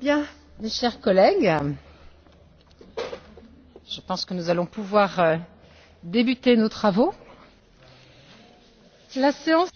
Bien, mes chers collègues, je pense que nous allons pouvoir débuter nos travaux. La séance